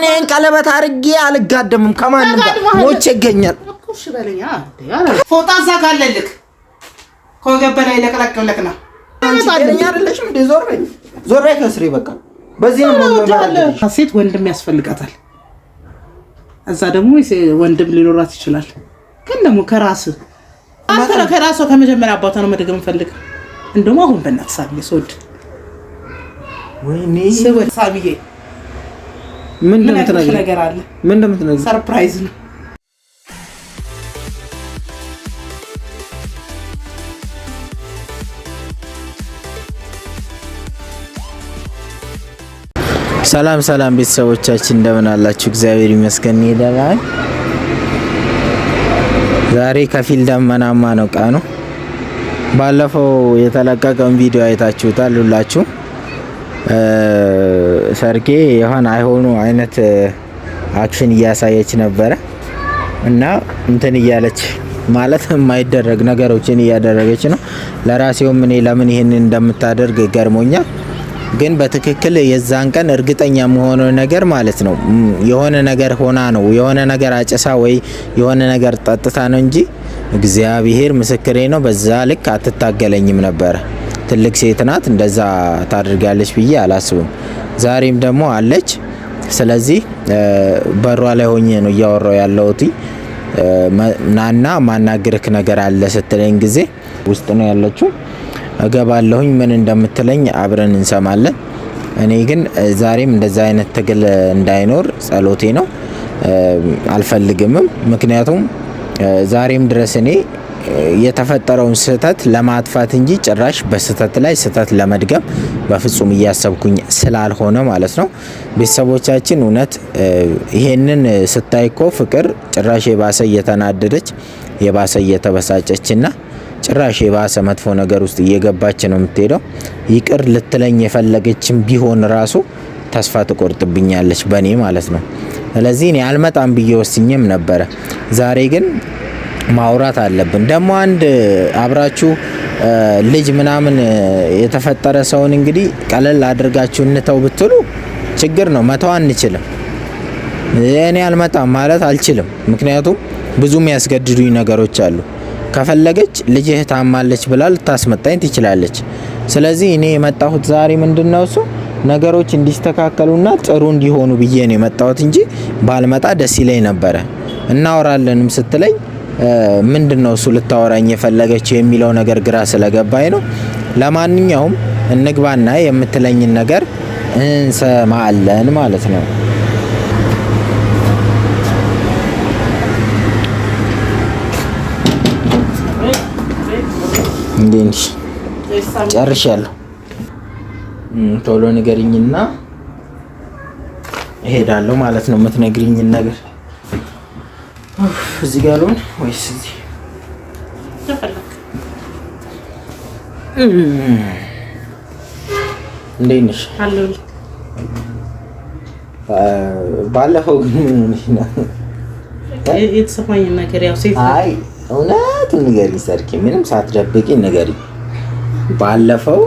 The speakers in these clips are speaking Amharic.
እኔን ይሄን ቀለበት አድርጌ አልጋደምም ከማንም ጋር ሞቼ ይገኛል። ፎጣ እዛ ጋር አለልክ ከወገብ በላይ ነው። ዞር በይ ዞር በይ በቃ። በዚህ ነው ሴት ወንድም ያስፈልጋታል። እዛ ደግሞ ወንድም ሊኖራት ይችላል። ግን ደግሞ አንተ ከመጀመሪያ አባቷ ነው መደገም ፈልግ። እንደውም አሁን በእናትህ ስወድ ወይኔ ስወድ ሳሚዬ ምን ነገር አለ? ምን እንደምትነግረኝ ሰርፕራይዝ ነው። ሰላም ሰላም ቤተሰቦቻችን እንደምን አላችሁ? እግዚአብሔር ይመስገን ይደላል። ዛሬ ከፊል ደመናማ ነው ቀኑ። ባለፈው የተለቀቀውን ቪዲዮ አይታችሁታል ሁላችሁ ሰርጌ የሆነ አይሆኑ አይነት አክሽን እያሳየች ነበረ እና እንትን እያለች ማለት የማይደረግ ነገሮችን እያደረገች ነው። ለራሴውም እኔ ለምን ይህን እንደምታደርግ ገርሞኛል። ግን በትክክል የዛን ቀን እርግጠኛ መሆኑ ነገር ማለት ነው የሆነ ነገር ሆና ነው የሆነ ነገር አጭሳ ወይ የሆነ ነገር ጠጥታ ነው እንጂ እግዚአብሔር ምስክሬ ነው። በዛ ልክ አትታገለኝም ነበረ። ትልቅ ሴት ናት፣ እንደዛ ታደርጋለች ብዬ አላስብም። ዛሬም ደግሞ አለች። ስለዚህ በሯ ላይ ሆኜ ነው እያወራው ያለሁት። ናና ማናግርክ ነገር አለ ስትለኝ ጊዜ ውስጥ ነው ያለችው። እገባለሁኝ ምን እንደምትለኝ አብረን እንሰማለን። እኔ ግን ዛሬም እንደዛ አይነት ትግል እንዳይኖር ጸሎቴ ነው። አልፈልግምም። ምክንያቱም ዛሬም ድረስ እኔ የተፈጠረውን ስህተት ለማጥፋት እንጂ ጭራሽ በስህተት ላይ ስህተት ለመድገም በፍጹም እያሰብኩኝ ስላልሆነ ማለት ነው። ቤተሰቦቻችን እውነት ይሄንን ስታይኮ ፍቅር ጭራሽ የባሰ እየተናደደች የባሰ እየተበሳጨችና ጭራሽ የባሰ መጥፎ ነገር ውስጥ እየገባች ነው የምትሄደው። ይቅር ልትለኝ የፈለገችን ቢሆን ራሱ ተስፋ ትቆርጥብኛለች በእኔ ማለት ነው። ስለዚህ እኔ አልመጣም ብዬ ወስኜም ነበረ። ዛሬ ግን ማውራት አለብን። ደግሞ አንድ አብራችሁ ልጅ ምናምን የተፈጠረ ሰውን እንግዲህ ቀለል አድርጋችሁ እንተው ብትሉ ችግር ነው። መተው አንችልም። እኔ አልመጣም ማለት አልችልም። ምክንያቱም ብዙ የሚያስገድዱኝ ነገሮች አሉ። ከፈለገች ልጅህ ታማለች ብላ ልታስመጣኝ ትችላለች። ስለዚህ እኔ የመጣሁት ዛሬ ምንድን ነው እሱ ነገሮች እንዲስተካከሉና ጥሩ እንዲሆኑ ብዬ ነው የመጣሁት እንጂ ባልመጣ ደስ ይለኝ ነበረ። እናወራለንም ስትለኝ ምንድን ነው እሱ ልታወራኝ የፈለገችው የሚለው ነገር ግራ ስለገባኝ ነው። ለማንኛውም እንግባና የምትለኝን ነገር እንሰማለን ማለት ነው። እንዴንሽ ጨርሻለሁ። ቶሎ ንገሪኝና እሄዳለሁ ማለት ነው የምትነግሪኝን ነገር እዚህ ጋር ልሆን ወይስ እዚህ? እንዴት ነሽ? ባለፈው ግን የተሰማኝ ነገር ያው ሴት አይ እውነቱን ንገሪኝ ሰርኪ፣ ምንም ሳትደብቂ ንገሪኝ። ባለፈው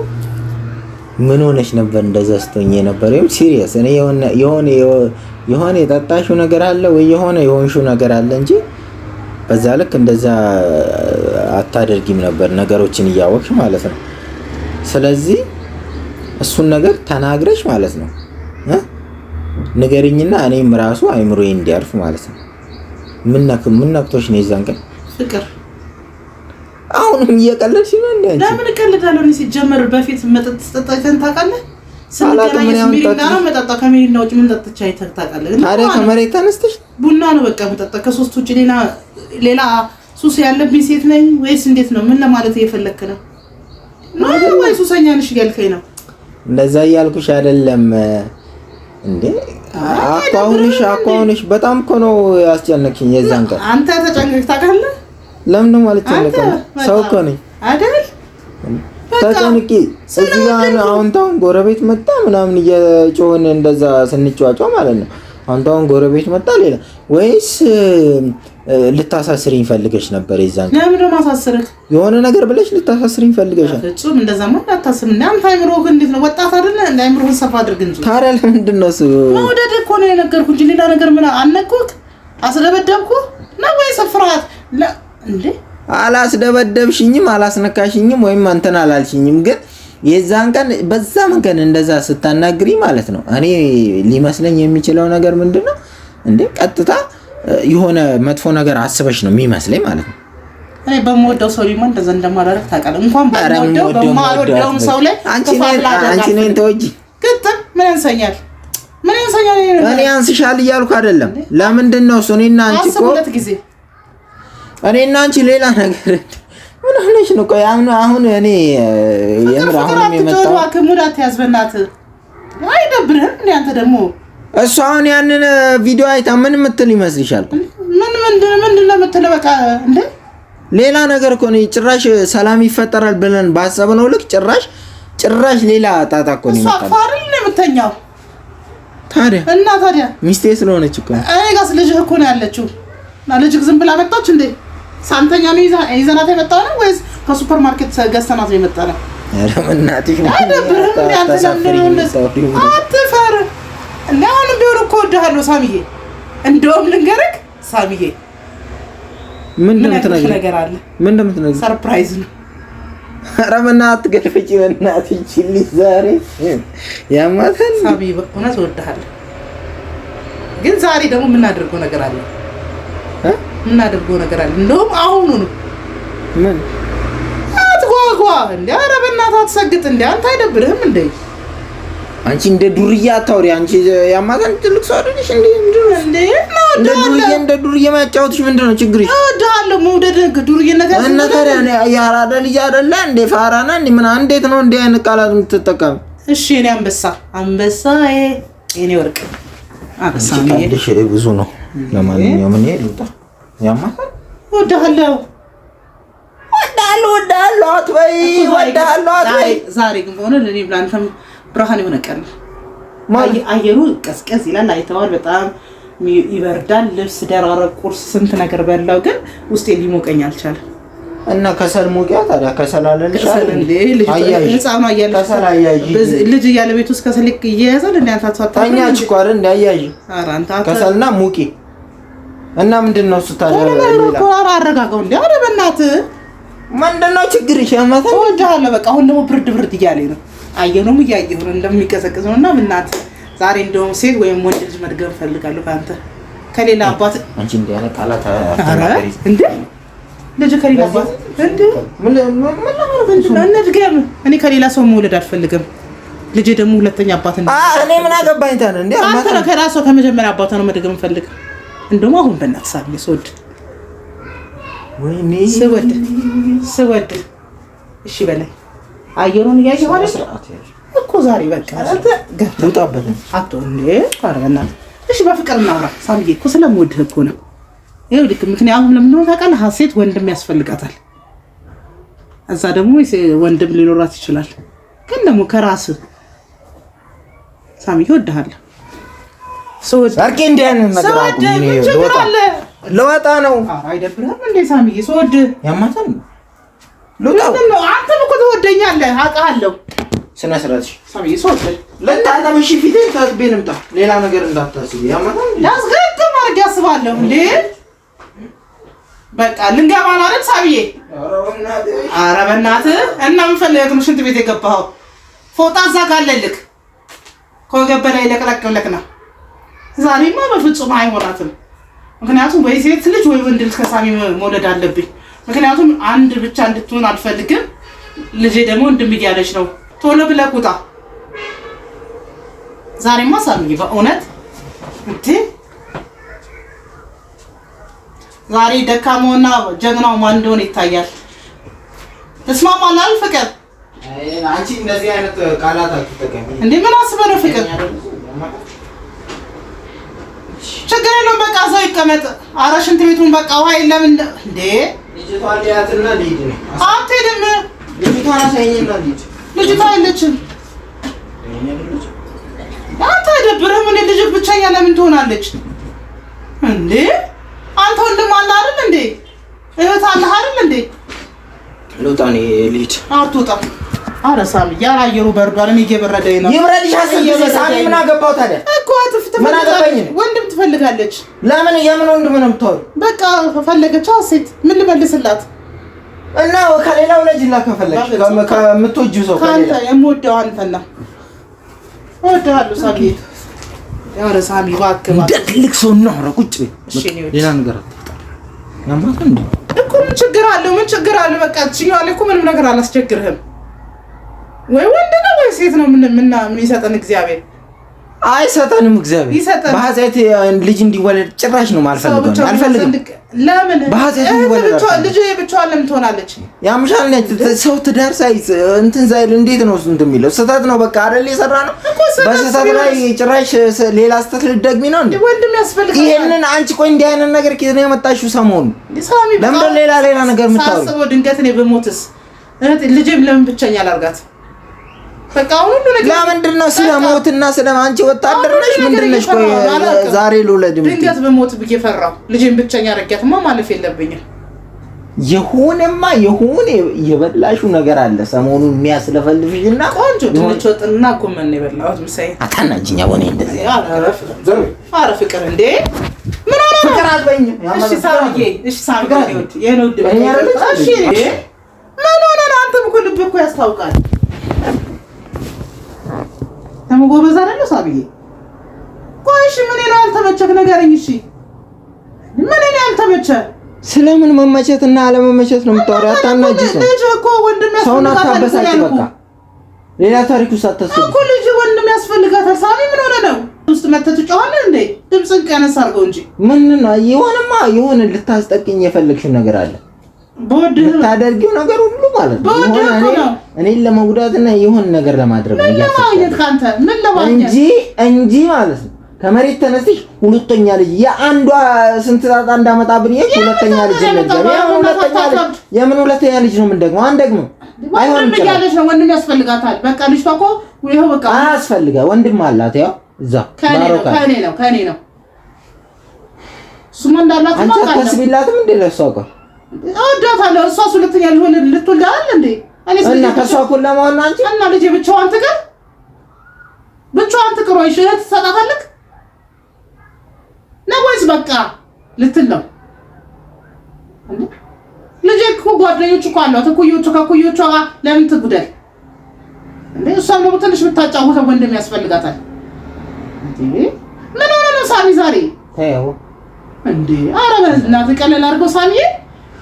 ምን ሆነሽ ነበር እንደዛ ስትሆኝ የነበረ? ሲሪየስ እኔ የሆነ የሆነ የጠጣሽው ነገር አለ ወይ የሆነ የሆንሽው ነገር አለ እንጂ በዛ ልክ እንደዛ አታደርጊም ነበር፣ ነገሮችን እያወቅሽ ማለት ነው። ስለዚህ እሱን ነገር ተናግረሽ ማለት ነው ንገሪኝና እኔም ራሱ አይምሮዬ እንዲያርፍ ማለት ነው። ምን ነክቶሽ ነው የዛን ቀን ፍቅር? አሁንም እየቀለድሽ ነው። ለምን እቀልዳለሁ? ሲጀመር በፊት መጠጥ ስጠጣ ታውቃለህ ከሜሪና ውጭ ከመሬት ተነስተሽ ቡና ነው በቃ የምጠጣ ከሶስት ውጭ ሌላ ሱስ ያለብኝ ሴት ነኝ ወይስ እንዴት ነው? ምን ለማለት እየፈለክ ነው? ወይ ሱሰኛ ነሽ እያልከኝ ነው? እንደዛ እያልኩሽ አይደለም እንዴ አኳሁንሽ አኳሁንሽ በጣም እኮ ነው ያስጨነቅሽኝ። የዛን ቀን አንተ ታውቃለህ? ለምን ነው ማለት ሰው እኮ ነኝ አይደል ተጨንቄ እዚህ ጋር አሁን ታውን ጎረቤት መጣ ምናምን እየጮህን እንደዛ ስንጫጫ ማለት ነው። አሁን ታውን ጎረቤት መጣ ሌላ ወይስ ልታሳስሪኝ ፈልገሽ ነበር? ይዛን ለምን ማሳስርህ የሆነ ነገር ብለሽ ልታሳስሪኝ ፈልገሽ ፍጹም እንደዛ ማ አታስብ። እንደ አንተ አይምሮህ እንዴት ነው? ወጣት አይደለ? እንደ አይምሮህን ሰፋ አድርግ እንጂ። ታዲያ ለምንድን ነው እሱ መውደድህ እኮ ነው የነገርኩህ እንጂ ሌላ ነገር ምን አነኩህ? አስደበደብኩህ ነው ወይስ ፍርሃት እንዴ? አላስደበደብሽኝም፣ አላስነካሽኝም ወይም አንተን አላልሽኝም። ግን የዛን ቀን በዛ መንከን እንደዛ ስታናግሪ ማለት ነው እኔ ሊመስለኝ የሚችለው ነገር ምንድን ነው እንዴ ቀጥታ የሆነ መጥፎ ነገር አስበሽ ነው የሚመስለኝ ማለት ነው። እኔ በምወደው ሰው ላይ እንደዛ እንደማላደርግ ታውቃለህ። እንኳን በምወደው በማልወደውም ሰው ላይ አንቺ ነኝ ተወጂ ግጥም ምን ያንሰኛል? ምን ያንሰኛል? እኔ አንስሻል እያልኩ አይደለም። ለምንድን ነው እሱ እኔና አንቺ እኮ እኔ እና አንቺ ሌላ ነገር ምን ሆነሽ ነው? ቆይ አሁን አሁን እኔ የምር አሁን የመጣው ከሙዳት ያዝበናት አይደብርህም? እንዴ? አንተ ደግሞ እሱ አሁን ያንን ቪዲዮ አይታ ምን ምትል ይመስልሻል? ምን ምንድን ምንድን ነው የምትለው? በቃ እንዴ ሌላ ነገር እኮ ነው። ጭራሽ ሰላም ይፈጠራል ብለን ባሰብነው ልክ ጭራሽ ጭራሽ ሌላ ጣጣ እኮ ነው እሷ አይደል ነው የምተኛው ታዲያ እና ታዲያ ሚስቴ ስለሆነች እኮ እኔ ጋር ስልጅህ እኮ ነው ያለችው እና ልጅህ ዝም ብላ መጣች እንዴ ሳንተኛ ነው ይዘናት የመጣ ነው ወይስ ከሱፐርማርኬት ማርኬት ገዝተናት ነው የመጣ ነው? አትፈር እንደ አሁንም ቢሆን እኮ ሳሚዬ። እንደውም ልንገርህ ሳሚዬ ምን ነገር አለ። ሰርፕራይዝ ነው። ይችል ግን ዛሬ ደግሞ የምናደርገው ነገር አለ እናደርገው ነገር አለ። እንደውም አሁኑ ነው ምን አትጓጓ እንዴ! ኧረ በእናትህ አትሰግጥ እንዴ! አንተ አይደብርህም እንዴ? አንቺ እንደ ዱርዬ አታውሪ። አንቺ ያማታን ትልቅ ሰው አይደለሽ እንዴ? እንዴ እንደ ዱርዬ እንደ ዱርዬ ማጫወትሽ ምንድን ነው ችግርሽ? እወድሃለሁ። መውደድ ዱርዬነት እና ታዲያ የአራዳ ልጅ አይደለ እንዴ? ፋራና እንዴ ምን እንዴት ነው እንዴ አይነት ቃላት የምትጠቀም? እሺ እኔ አንበሳ አንበሳ እኔ ወርቅ አንበሳ ብዙ ነው። ለማንኛውም እኔ ልውጣ ያማታል። እወድሃለሁ እወድሃለሁ እወድሃለሁ አትበይ፣ እወድሃለሁ አትበይ። ዛሬ ግን በሆነ ለእኔም ለአንተም ብርሃን የሆነ ቀን አየሩ ቀዝቀዝ ይላል። አይተዋል፣ በጣም ይበርዳል። ልብስ ደራረ ቁርስ፣ ስንት ነገር በላው፣ ግን ውስጤ ሊሞቀኝ አልቻለም። እና ከሰል ሞቂያ ታዲያ ከሰል አለልሻል ልጅ እያለ ቤት ውስጥ ከሰል ይያያዛል። እንደ አንተ አትሳታ ታኛች ቋር ከሰልና ሙቂ እና ምንድን ነው እሱ ታዲያ? አረጋጋው እንዴ! ኧረ በእናትህ ምንድን ነው ችግርሽ? በቃ አሁን ደግሞ ብርድ ብርድ እያለኝ ነው። አየኑም እያየሁ ነው እንደሚቀዘቅዝ ነው። እና በእናትህ ዛሬ እንደውም ሴት ወይም ወንድ ልጅ መድገም እፈልጋለሁ ከአንተ ከሌላ አባት አንቺ እንደ ያለ ቃላት እንዴ! ልጅ ከሌላ አባት እንዴ! ምን ምን እንድገም? እኔ ከሌላ ሰው መውለድ አልፈልግም። ልጄ ደግሞ ሁለተኛ አባት እንዴ! እኔ ምን አገባኝ ከራሷ ከመጀመሪያ አባቷ ነው መድገም እፈልግ እንደውም አሁን በእናትህ ሳሚ ስወድ ስወድ ስወድ እሺ በላይ አየሩን እያየሁ እኮ ዛሬ በቃ ገብታበት አቶ እንዴ ኧረ በእናትህ እሺ በፍቅር እናውራ ሳሚዬ እኮ ስለምወድህ እኮ ነው ይኸው ልክ ምክንያቱም አሁን ለምን ሆነ ታውቃለህ ሀሴት ወንድም ያስፈልጋታል እዛ ደግሞ ወንድም ሊኖራት ይችላል ግን ደግሞ ከራስህ ሳሚዬ እወድሃለሁ ሰርቄ እንዲህ ነገር ልወጣ ነው። አይደብርህም እንዴ ሳሚዬ? ስወድ ያማታል። አንተም እኮ ትወደኛለህ፣ አውቃለሁ። ስነ ስርዓት ሳሚዬ። ስወድ ልታጠብ እሺ፣ ፊትህን ታጥቤ ልምጣ። ሌላ ነገር እንዳታስብ። ያማታል። ላስገድም አድርጌ አስባለሁ እንዴ። በቃ ልንገባ ነው አይደል ሳሚዬ? ኧረ በእናትህ እና ምን ፈልገህ ነው ሽንት ቤት የገባኸው? ፎጣ እዛ ካለልክ አለልክ። ከወገብ በላይ ለቅለቅለቅ ነው ዛሬማ በፍጹም አይሆናትም። ምክንያቱም ወይ ሴት ልጅ ወይ ወንድ ልጅ ከሳሚ መውለድ አለብኝ። ምክንያቱም አንድ ብቻ እንድትሆን አልፈልግም። ልጄ ደግሞ ወንድም እያለች ነው። ቶሎ ብለህ ቁጣ። ዛሬማ ሳሚ በእውነት እንዴ ዛሬ ደካማውና ጀግናው ማን እንደሆነ ይታያል። ተስማማናል ፍቅር? አንቺ እንደዚህ አይነት ቃላት አትጠቀሚ እንዴ። ምን አስበህ ነው ፍቅር ችግር የለም። በቃ እዛው ይቀመጥ። ኧረ ሽንት ቤቱን በቃ ውሃ የለም እንዴ? አትሄድም። ልጅቷ የለችም። አንተ አይደብርህም? እንደ ልጅ ብቻዬን ለምን ትሆናለች እንዴ? አንተ ወንድም አለ አይደል እንዴ? እህት አለ አይደል እንዴ? ልውጣ እኔ ልሂድ። አትወጣም ኧረ ሳምዬ ኧረ አየሩ በርዷል። እኔ እየበረደኝ ነው። ይብረድሽ አስር ጊዜ ሳሚ ምን አገባው ታዲያ እኮ ምን አገባኝ። ወንድም ትፈልጋለች። ለምን የምን ወንድም ነው የምታወሪው? በቃ ፈለገች ሴት ምን ልመልስላት እና ከሌላው ወለጅላ ከፈለግሽ ከምትወጂው ሰው ከአንተ የምወደው አንተና ነው እወድሃለሁ ሳሚ። ኧረ ሳሚ እባክህ እንደ ትልቅ ሰው እናውራ። ቁጭ ሌላ ነገር ያምራት እንደ እኮ ምን ችግር አለው? ምን ችግር አለው? በቃ ችኛዋል እኮ ምንም ነገር አላስቸግርህም። ወይ ወንድ ነው ወይ ሴት ነው? ምን ምን ይሰጠን እግዚአብሔር? አይሰጠንም እግዚአብሔር። በኃጢአት ልጅ እንዲወለድ ጭራሽ ነው ማልፈልገው። አልፈልግም። ለምን በኃጢአት እንዲወለድ ልጅ ብቻዋን ለምን ትሆናለች? ያምሻል ነጭ ሰው ትዳር እንትን እንዴት ነው እንትን የሚለው ስህተት ነው። በቃ አይደል የሰራ ነው። በስህተት ላይ ጭራሽ ሌላ ስህተት ነው እንዴ? ወንድም ይሄንን አንቺ ቆይ እንዲህ አይነት ነገር ከየት ነው የመጣሽው? ለምን ሌላ ሌላ ነገር የምታወሪው? ሳስበው ድንገት እኔ ብሞትስ እህቴ ለምን ላርጋት? ለምንድን ነው ስለ ሞትና ስለ አንቺ ወታደር ነሽ? ምንድን ነሽ? ቆይ ዛሬ ልውለድ ድንገት በሞት ብዬ ፈራሁ። ልጄን ብቸኛ ረጊያትማ ማለፍ የለብኝም። የሆነማ የሆነ የበላሹ ነገር አለ። ሰሞኑን የሚያስለፈልፍሽ እና ቆንጆ ድንች ወጥና ጎመን ነው የበላሁት ምሳዬ። አታናጅኛ ወኔ እንደዚህ አረ ፍቅር እንዴ ምን ሆነ? ፍቅር አልበኝም። እሺ ሳምዬ፣ እሺ ይሄ ሳምዬ፣ ይሄን እሺ ምን ሆነ? አንተም እኮ ልብ እኮ ያስታውቃል ደግሞ ጎበዝ አይደለ ሳብዬ? ቆይ እሺ፣ ምን ነው ያልተመቸህ ንገረኝ። እሺ፣ ምን ነው ያልተመቸህ? ስለምን መመቸት እና አለመመቸት ነው የምታወሪው? አታናጂ ሰውን አታበሳጭ። በቃ ሌላ ታሪክ ውስጥ አታስብ እኮ። ልጅ ወንድም ያስፈልጋታል። ሳቢ ምን ሆነ ነው ውስጥ መተት ጫዋለ እንዴ? ድምፅን ቀነስ አድርገው እንጂ ምን ነው የሆነማ፣ የሆነ ልታስጠቅኝ የፈለግሽው ነገር አለ ታደርጊው ነገር ሁሉ ማለት ነው። እኔን ለመጉዳት እና የሆን ነገር ለማድረግ ነው እንጂ እንጂ ማለት ነው። ከመሬት ተነስተሽ ሁለተኛ ልጅ የአንዷ ስንት ጣጣ እንዳመጣብን ይሄ ሁለተኛ ልጅ ነገር የምን ሁለተኛ ልጅ ነው? ምን ደግሞ አንድ ደግሞ አይሆንም። ያለሽ ወንድም ያስፈልጋታል። በቃ ልጅቷ እኮ ይሄው በቃ አያስፈልጋ ወንድም አላት። ያው እዛ ከኔ ነው ከኔ ነው ከኔ ነው ሱማ እንዳላት ማለት ነው። አንቺ አታስቢላትም እንደ ለሷ እኮ እወዳታለሁ። እሷስ ሁለተኛ ልትወልድ ልትወልድ አይደል እንዴ? እና ከእሷ እኩል ለመሆን አንቺ እና ልጄ ብቻዋን ትቅር፣ ብቻዋን ትቅር። ወይ እህት ትሰጣታለህ ነው ወይስ በቃ ልትል ነው? ልጄ እኮ ጓደኞች እኮ አሏት፣ እኩዮቹ ከእኩዮቿ ለምን ትጉዳል እንዴ? እሷም ደግሞ ትንሽ ብታጫውተው ወንድም ያስፈልጋታል። ምን ሆነ ነው ሳሚ ዛሬ? ተይው እንዴ! ኧረ በእናትህ ቀለል አድርገው ሳሚዬ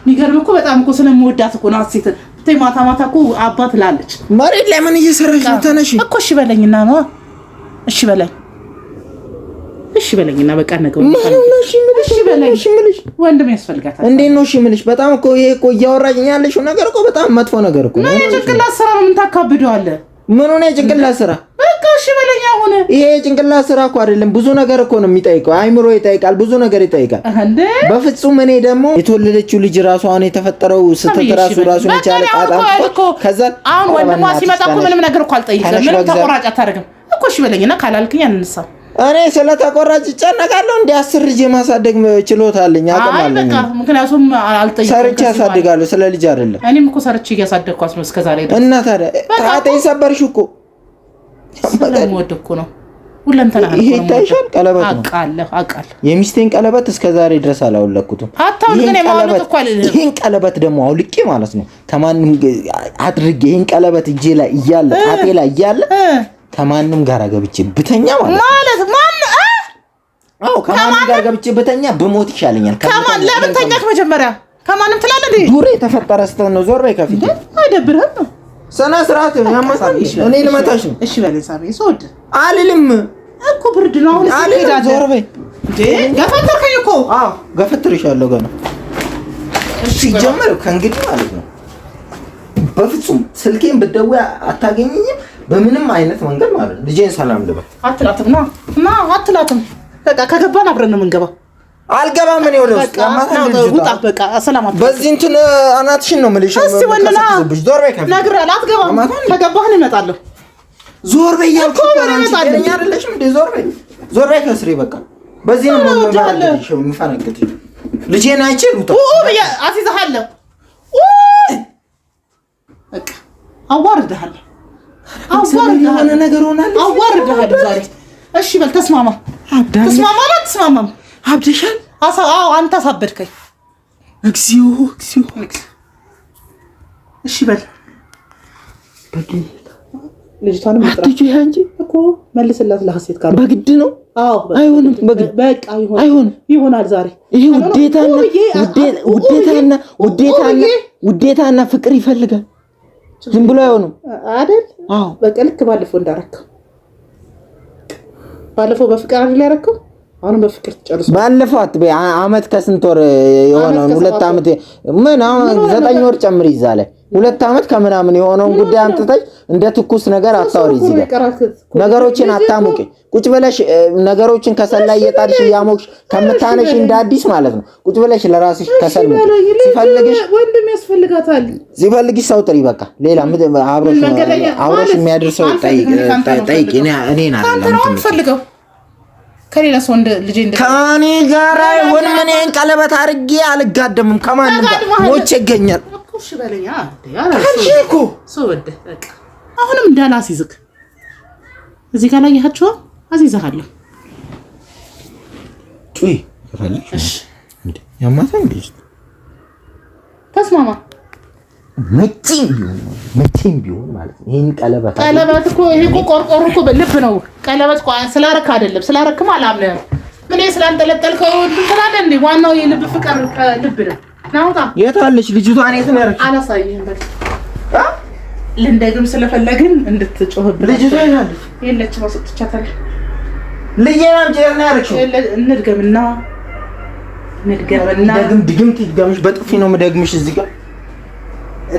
የሚገርም እኮ በጣም እኮ ስለምወዳት እኮ ነው ሴት ብታይ ማታ ማታ እኮ አባት ላለች መሬት ላይ ምን እየሰራሽ ነው? ተነሽ እኮ እሺ በለኝና ነው እሺ በለኝ እሺ በለኝና በቃ ነገ ወንድም ያስፈልጋታል። እንዴት ነው እሺ የምልሽ? በጣም እኮ ይሄ እኮ እያወራኝ ያለሽው ነገር እኮ በጣም መጥፎ ነገር እኮ ነው። የጭንቅላት ስራ ነው። ምን ታካብደዋለህ? ምን ሆነ የጭንቅላት ስራ ሆነ። ይሄ የጭንቅላት ስራ እኮ አይደለም፣ ብዙ ነገር እኮ ነው የሚጠይቀው። አይምሮ ይጠይቃል፣ ብዙ ነገር ይጠይቃል። በፍጹም እኔ ደግሞ የተወለደችው ልጅ ራሱ አሁን የተፈጠረው ስትት ራሱ ራሱ የቻለ ጣጣ ከዛ አሁን ወንድሟ ሲመጣ እኮ ምንም ነገር እኮ አልጠይቅም። ምንም ተቆራጭ አታደርግም እኮ እሺ በለኝና ካላልክኝ አንነሳ እኔ ስለ ተቆራጭ ይጨነቃለሁ። እንዲ አስር ልጅ የማሳደግ ችሎታ አለኝ፣ አቅም አለኝ። ምክንያቱም ሰርቼ ያሳድጋለሁ፣ ስለ ልጅ አይደለም። እኔም እኮ ሰርቼ እያሳደግኳት ነው ላይ ዛሬ እና ታዲያ ጣጤ ሰበርሽ እኮ ስለምወድ እኮ ነው። ሁለንተና ይታይሻል። ቀለበት አውቃለሁ፣ አውቃለሁ። የሚስቴን ቀለበት እስከ ዛሬ ድረስ አላወለኩትም። ይህን ቀለበት ደግሞ አውልቄ ማለት ነው ከማንም አድርጌ ይህን ቀለበት እጄ ላይ እያለ ላይ እያለ ከማንም ጋር ገብቼ ብተኛ ማለት ነው ከማንም ጋር ገብቼ ብተኛ ብሞት ይሻለኛል። ለምን መጀመሪያ ከማንም ትላለህ። ዱሬ የተፈጠረ ስተን ነው። ዞር በይ ከፊት አይደብርህም? ስነ ስርዓት እኔ ልመታሽ ነው። እሺ አልልም እኮ ብርድ ነው። አሁን እኮ። ገፈትርሻለሁ ገና ሲጀመር ከእንግዲህ ማለት ነው። በፍጹም ስልኬን ብትደውይ አታገኘኝም በምንም አይነት መንገድ ማለት ነው። ልጄን ሰላም ልበል አትላትም፣ ና አትላትም። በቃ ከገባን አብረን ነው የምንገባው አልገባ ምን ይሆነ ውስጥ በቃ ሰላማት በዚህ እንትን አናትሽን ነው የምልሽ። እስቲ ወልና ዞር በይ ነግሬ አትገባም። ከገባህን እመጣለሁ። ዞር በይ እኮ ነው። አይደለሽም ዞር በይ ዞር ከስሬ በቃ በዚህ ነው የምፈነግጥ። ልጄን አይቼ ልውጣ ብዬሽ አዋርድሃለሁ ዛሬ። እሺ በል ተስማማ፣ ተስማማ አትስማማም አብደሻል። አዎ አንተ አሳበድከኝ። እግዚኦ እግዚኦ። እሺ በል ልጅቷንም አትጩህ አንቺ እኮ መልስላት። ለሀሴት ጋር በግድ ነው። አዎ አይሆንም፣ በግድ በቃ አይሆንም። ይሆናል ዛሬ። ይሄ ውዴታና ውዴታና ውዴታና ውዴታና ፍቅር ይፈልጋል። ዝም ብሎ አይሆንም አይደል? አዎ በቃ ልክ ባለፈው እንዳረከው ባለፈው በፍቅር አይደል ያረከው አሁን በፍቅር ትጨርስ። ባለፈው አትበይ። አመት ከስንት ወር የሆነውን ሁለት አመት ምን አሁን ዘጠኝ ወር ጨምር ይዛለ ሁለት አመት ከምናምን የሆነውን ጉዳይ አምጥተሽ እንደ ትኩስ ነገር አታውሪ። እዚህ ጋር ነገሮችን አታሙቂ። ቁጭ ብለሽ ነገሮችን ከሰል ላይ እየጣድሽ እያሞቅሽ ከምታነሽ እንደ አዲስ ማለት ነው። ቁጭ ብለሽ ለራስሽ ከሰል ሲፈልግሽ ወንድም ያስፈልጋታል። ሲፈልግሽ ሰው ጥሪ። በቃ ሌላ አብሮሽ የሚያድር ሰው ጠይቂ። እኔ እኔን አይደለም ፈልገው ከሌላ ሰው እንደ ልጄ እንደ ከኔ ጋር አይሆን። ምን ይሄን ቀለበት አድርጌ አልጋደምም። ከማንም ጋር ሞቼ ይገኛል። እሺ በለኛ እኮ ሰው ወደ በቃ አሁንም እንዳላስይዝክ እዚህ ጋር ላይ ያህቸው አስይዝሃለሁ። ጩይ ያማታ እንዴ ተስማማ መቼም ቢሆን መቼም ቢሆን ማለት ነው። ይሄን ቀለበት ቀለበት እኮ ይሄ እኮ ቆርቆሮ እኮ ልብ ነው። ቀለበት እኮ ስላረክ አይደለም ስላረክም አላምንም። ምን ስላንጠለጠልከው ትላለህ እንዴ? ዋናው የልብ ፍቅር ልብ ነው። ናውጣ የታለች ልጅቷ? እኔ ትነረክ አላሳይህም። በል ልንደግም ስለፈለግን እንድትጮህብን ልጅቷ ይናለች የለች ነው ስትቻታል ልየናም ጀርና ያረችው እንድገምና እንድገምና ድግምት ይድገምሽ። በጥፊ ነው የምደግምሽ እዚህ ጋር